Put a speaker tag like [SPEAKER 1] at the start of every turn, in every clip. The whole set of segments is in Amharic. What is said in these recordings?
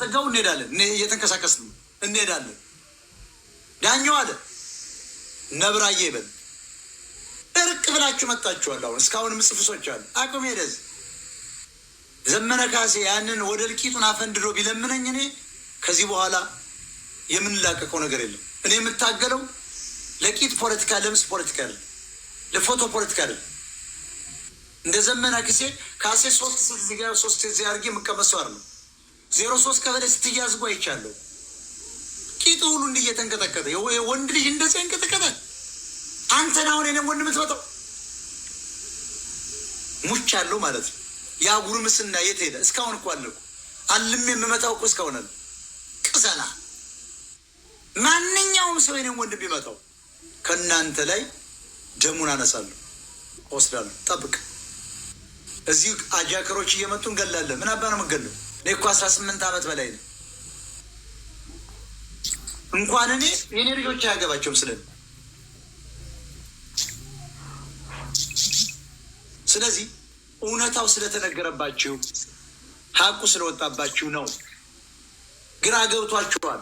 [SPEAKER 1] ጸጋው እንሄዳለን፣ ነው እንሄዳለን። ዳኛው አለ ነብራዬ ይበል እርቅ ብላችሁ መጣችኋል። አሁን እስካሁንም ጽፍሶች አሉ አቁም ሄደዝ ዘመነ ካሴ ያንን ወደ እልቂቱን አፈንድዶ ቢለምነኝ እኔ ከዚህ በኋላ የምንላቀቀው ነገር የለም። እኔ የምታገለው ለቂት ፖለቲካ፣ ለምስ ፖለቲካ አይደል፣ ለፎቶ ፖለቲካ አይደል። እንደ ዘመነ ካሴ ካሴ ሶስት ሴት ሶስት ዜ አድርጌ የምቀመሰው ነው ዜሮ ሶስት ከበደ ስትያዝጉ አይቻለሁ። ቂጡ ሁሉ እንዲህ እየተንቀጠቀጠ ወንድ ልጅ እንደዚህ እንቀጠቀጠ አንተን አሁን ኔ ወንድ የምትመጣው ሙች አለው ማለት ነው። ያ ጉርምስና የት ሄደ? እስካሁን እኮ አለ አልም የምመጣው እኮ እስካሁን አለ። ቅሰላ ማንኛውም ሰው ኔ ወንድ ቢመጣው ከእናንተ ላይ ደሙን አነሳለሁ፣ ወስዳለሁ። ጠብቅ። እዚህ አጃከሮች እየመጡ እንገላለን። ምን አባ ነው የምገለው? እኔ እኮ አስራ ስምንት ዓመት በላይ ነው። እንኳን እኔ የኔ ልጆች አያገባቸውም። ስለ ስለዚህ እውነታው ስለተነገረባችሁ ሀቁ ስለወጣባችሁ ነው። ግራ ገብቷችኋል።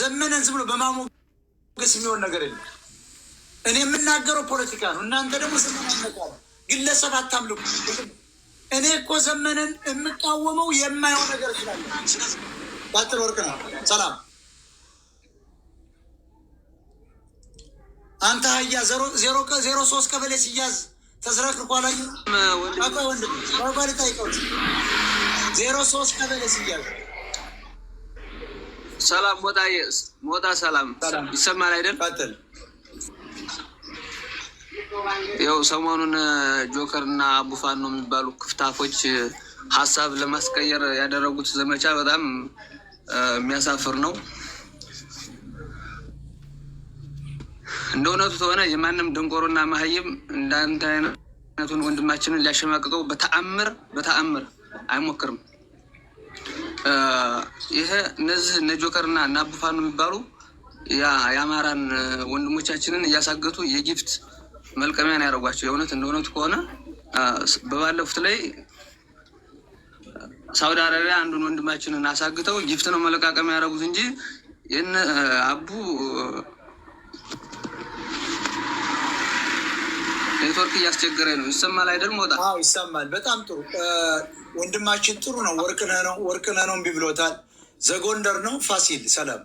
[SPEAKER 1] ዘመነን ዝም ብሎ በማሞገስ የሚሆን ነገር የለም። እኔ የምናገረው ፖለቲካ ነው። እናንተ ደግሞ ዘመን ግለሰብ አታምልኩ። እኔ እኮ ዘመነን የምቃወመው የማየው ነገር ስላለ ባጭር ወርቅ ነው። ሰላም አንተ ሀያ ዜሮ ሶስት ቀበሌ ሲያዝ ተዝረክርኳ ላይ ወንድ ጓጓ ልታይቀው ዜሮ ሶስት ቀበሌ ሲያዝ
[SPEAKER 2] ሰላም ሞጣ ሰላም ይሰማል አይደል? ያው ሰሞኑን ጆከር እና አቡፋን ነው የሚባሉ ክፍታፎች ሀሳብ ለማስቀየር ያደረጉት ዘመቻ በጣም የሚያሳፍር ነው። እንደ እውነቱ ከሆነ የማንም ደንቆሮና መሀይም እንዳንተ አይነቱን ወንድማችንን ሊያሸማቅቀው በተአምር በተአምር አይሞክርም። ይሄ እነዚህ እነ ጆከርና እነ አቡፋን የሚባሉ የአማራን ወንድሞቻችንን እያሳገቱ የጊፍት መልቀሚያን ያደረጓቸው የእውነት እንደእውነቱ ከሆነ በባለፉት ላይ ሳውዲ አረቢያ አንዱን ወንድማችንን አሳግተው ጊፍት ነው መለቃቀም ያደረጉት እንጂ ይህን አቡ ኔትወርክ እያስቸገረ ነው። ይሰማል አይደል? ሞጣ
[SPEAKER 1] ይሰማል። በጣም ጥሩ ወንድማችን፣ ጥሩ ነው። ወርቅነህ ነው ወርቅነህ ነው እምቢ ብሎታል። ዘጎንደር ነው ፋሲል። ሰላም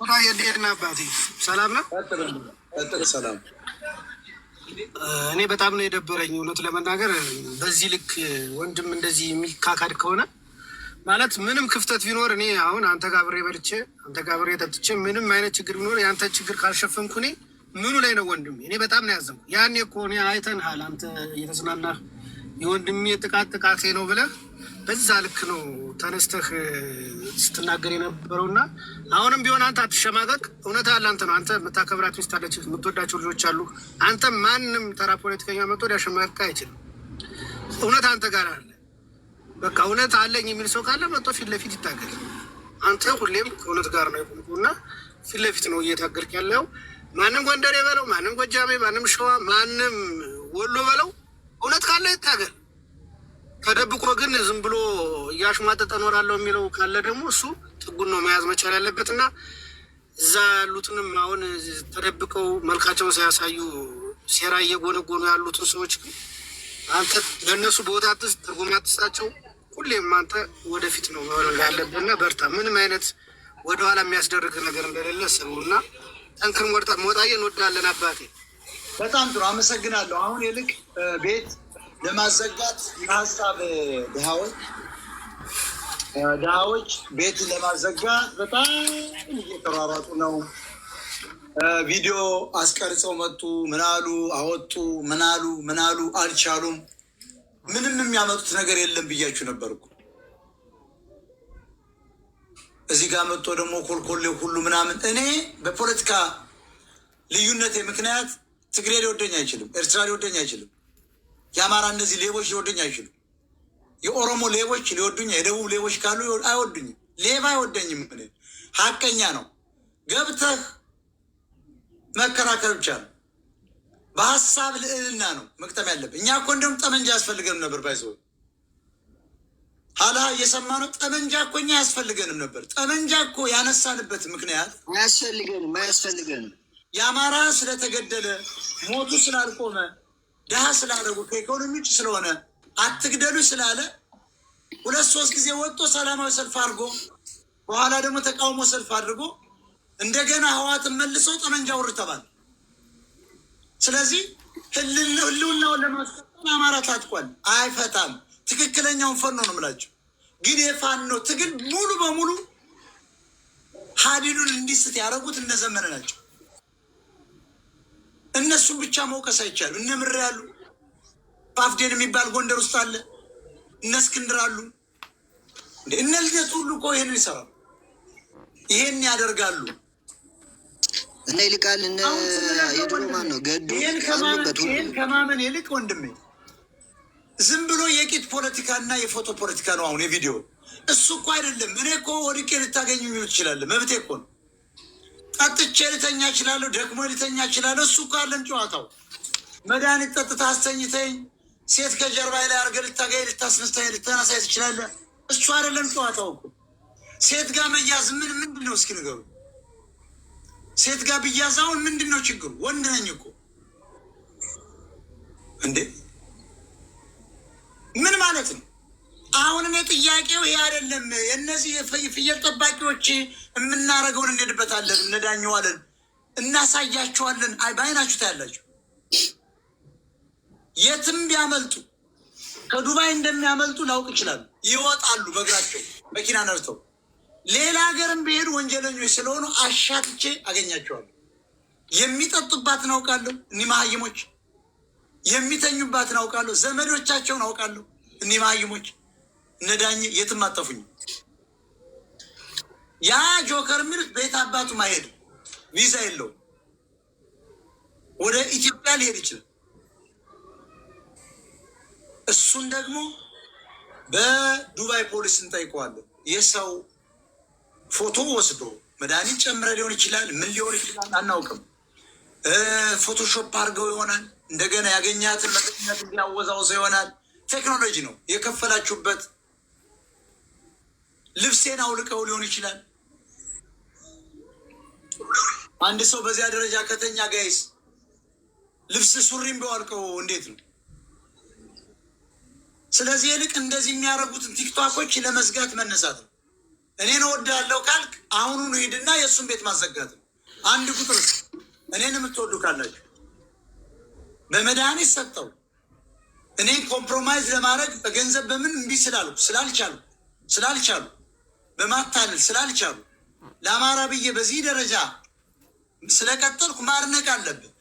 [SPEAKER 1] ሞጣ፣ የድሄድና አባቴ ሰላም ነው። ሰላም እኔ በጣም ነው የደበረኝ እውነት ለመናገር በዚህ ልክ ወንድም እንደዚህ የሚካካድ ከሆነ ማለት ምንም ክፍተት ቢኖር እኔ አሁን አንተ ጋር አብሬ በልቼ አንተ ጋር አብሬ ጠጥቼ ምንም አይነት ችግር ቢኖር የአንተ ችግር ካልሸፈንኩ እኔ ምኑ ላይ ነው ወንድሜ? እኔ በጣም ነው ያዘንኩ። ያኔ እኮ እኔ አይተንሃል አንተ እየተዝናና የወንድሜ ጥቃት ጥቃቴ ነው ብለህ በዛ ልክ ነው ተነስተህ ስትናገር የነበረውና አሁንም ቢሆን አንተ አትሸማቀቅ። እውነት አለ አንተ ነው አንተ የምታከብራት ሚስት አለች፣ የምትወዳቸው ልጆች አሉ። አንተ ማንም ተራ ፖለቲከኛ መጥቶ ሊያሸማቀቅ አይችልም። እውነት አንተ ጋር አለ። በቃ እውነት አለኝ የሚል ሰው ካለ መጥቶ ፊት ለፊት ይታገል። አንተ ሁሌም ከእውነት ጋር ነው የቆምኩ ፊት ለፊት ነው እየታገልክ ያለው። ማንም ጎንደሬ በለው፣ ማንም ጎጃሜ፣ ማንም ሸዋ፣ ማንም ወሎ በለው፣ እውነት ካለ ይታገል። ተደብቆ ግን ዝም ብሎ እያሽሟጠጠ እኖራለሁ የሚለው ካለ ደግሞ እሱ ጥጉን ነው መያዝ መቻል ያለበት እና እዛ ያሉትንም አሁን ተደብቀው መልካቸውን ሳያሳዩ ሴራ እየጎነጎኑ ያሉትን ሰዎች ግን አንተ ለእነሱ ቦታ አትስ ትርጉም አትስጣቸው። ሁሌም አንተ ወደፊት ነው ያለብህና በርታ። ምንም አይነት ወደኋላ የሚያስደርግ ነገር እንደሌለ ስሩ እና ጠንክር። ወጣ እንወዳለን አባቴ። በጣም ጥሩ አመሰግናለሁ። አሁን ይልቅ ቤት ለማዘጋት ሀሳብ ድሃዎች ድሃዎች ቤት ለማዘጋት በጣም እየተሯሯጡ ነው። ቪዲዮ አስቀርጸው መጡ። ምናሉ አወጡ፣ ምናሉ ምናሉ አልቻሉም። ምንም የሚያመጡት ነገር የለም ብያችሁ ነበርኩ። እዚህ ጋር መጥቶ ደግሞ ኮልኮሌ ሁሉ ምናምን። እኔ በፖለቲካ ልዩነቴ ምክንያት ትግሬ ሊወደኝ አይችልም፣ ኤርትራ ሊወደኝ አይችልም። የአማራ እነዚህ ሌቦች ሊወዱኝ አይችሉም። የኦሮሞ ሌቦች ሊወዱኝ፣ የደቡብ ሌቦች ካሉ አይወዱኝም። ሌባ አይወደኝም። ምን ሀቀኛ ነው። ገብተህ መከራከር ብቻ ነው። በሀሳብ ልዕልና ነው መቅጠም ያለብህ። እኛ እኮ እንደውም ጠመንጃ ያስፈልገንም ነበር። ባይዘው ሀላ እየሰማ ነው። ጠመንጃ እኮ እኛ ያስፈልገንም ነበር። ጠመንጃ እኮ ያነሳንበት ምክንያት
[SPEAKER 2] አያስፈልገንም አያስፈልገንም
[SPEAKER 1] የአማራ ስለተገደለ ሞቱ ስላልቆመ ድሃ ስላደረጉ ከኢኮኖሚ ውጭ ስለሆነ አትግደሉ ስላለ ሁለት ሶስት ጊዜ ወጥቶ ሰላማዊ ሰልፍ አድርጎ በኋላ ደግሞ ተቃውሞ ሰልፍ አድርጎ እንደገና ህዋትን መልሰው ጠመንጃ ውርተባል ስለዚህ ህልውናውን ለማስፈጠን አማራ ታጥቋል። አይፈታም። ትክክለኛውን ፈኖ ነው የምላቸው። ግን የፋኖ ትግል ሙሉ በሙሉ ሀዲዱን እንዲስት ያደረጉት እነዘመነ ናቸው። እነሱን ብቻ መውቀስ አይቻልም። እነ ምሬ ያሉ ፓፍዴን የሚባል ጎንደር ውስጥ አለ። እነ እስክንድር አሉ። እነ ልደቱ ሁሉ እኮ ይህን ይሰራሉ፣ ይሄን ያደርጋሉ።
[SPEAKER 2] እነ ይልቃል እነ የድሮ ነው ገዱ
[SPEAKER 1] ይሄን ከማመን ይልቅ ወንድሜ ዝም ብሎ የቂት ፖለቲካ እና የፎቶ ፖለቲካ ነው። አሁን የቪዲዮ እሱ እኮ አይደለም። እኔ እኮ ወድቄ ልታገኙ ትችላለህ፣ መብቴ እኮ ነው። ጠጥቼ ልተኛ እችላለሁ፣ ደክሞ ልተኛ እችላለሁ። እሱ እኮ አለን ጨዋታው። መድኃኒት ጠጥታ አስተኝተኝ ሴት ከጀርባ ላይ አድርገህ ልታገኝ ልታስነስተኝ ልታናሳይ ትችላለህ። እሱ አይደለም ጨዋታው እኮ ሴት ጋር መያዝ ምን ምንድን ነው? እስኪ ንገሩ። ሴት ጋር ብያዝ አሁን ምንድን ነው ችግሩ? ወንድ ነኝ እኮ እንዴ! ምን ማለት ነው? አሁን እኔ ጥያቄው ይሄ አይደለም። የእነዚህ ፍየል ጠባቂዎች የምናደርገውን እንሄድበታለን፣ እንዳኘዋለን፣ እናሳያቸዋለን። በአይናችሁ ታያላችሁ። የትም ቢያመልጡ ከዱባይ እንደሚያመልጡ ላውቅ ይችላሉ። ይወጣሉ በእግራቸው መኪና ነርተው ሌላ ሀገርም ብሄድ ወንጀለኞች ስለሆኑ አሻትቼ አገኛቸዋለሁ። የሚጠጡባትን አውቃለሁ። እኒህ መሀይሞች የሚተኙባትን አውቃለሁ። ዘመዶቻቸውን አውቃለሁ። እኒህ መሀይሞች ነዳኝ የትም አጠፉኝ። ያ ጆከር የሚሉት ቤት አባቱ ማሄድ ቪዛ የለው ወደ ኢትዮጵያ ሊሄድ ይችላል። እሱን ደግሞ በዱባይ ፖሊስ እንጠይቀዋለን። የሰው ፎቶ ወስዶ መድኃኒት ጨምረ ሊሆን ይችላል፣ ምን ሊሆን ይችላል አናውቅም። ፎቶሾፕ አድርገው ይሆናል። እንደገና ያገኛትን መገኛት እንዲያወዛውዘው ይሆናል። ቴክኖሎጂ ነው የከፈላችሁበት ልብሴን አውልቀው ሊሆን ይችላል። አንድ ሰው በዚያ ደረጃ ከተኛ ጋይስ ልብስ ሱሪም ቢዋልቀው እንዴት ነው? ስለዚህ ይልቅ እንደዚህ የሚያደርጉትን ቲክቶኮች ለመዝጋት መነሳት ነው። እኔን እወዳለሁ ካልክ አሁኑን ሂድና የእሱን ቤት ማዘጋት ነው። አንድ ቁጥር እኔን የምትወዱ ካላችሁ በመድኃኒት ሰጠው እኔን ኮምፕሮማይዝ ለማድረግ በገንዘብ በምን እምቢ ስላሉ ስላልቻሉ ስላልቻሉ በማታለል ስላልቻሉ ለአማራ ብዬ በዚህ ደረጃ ስለቀጠልኩ ማድነቅ አለብን።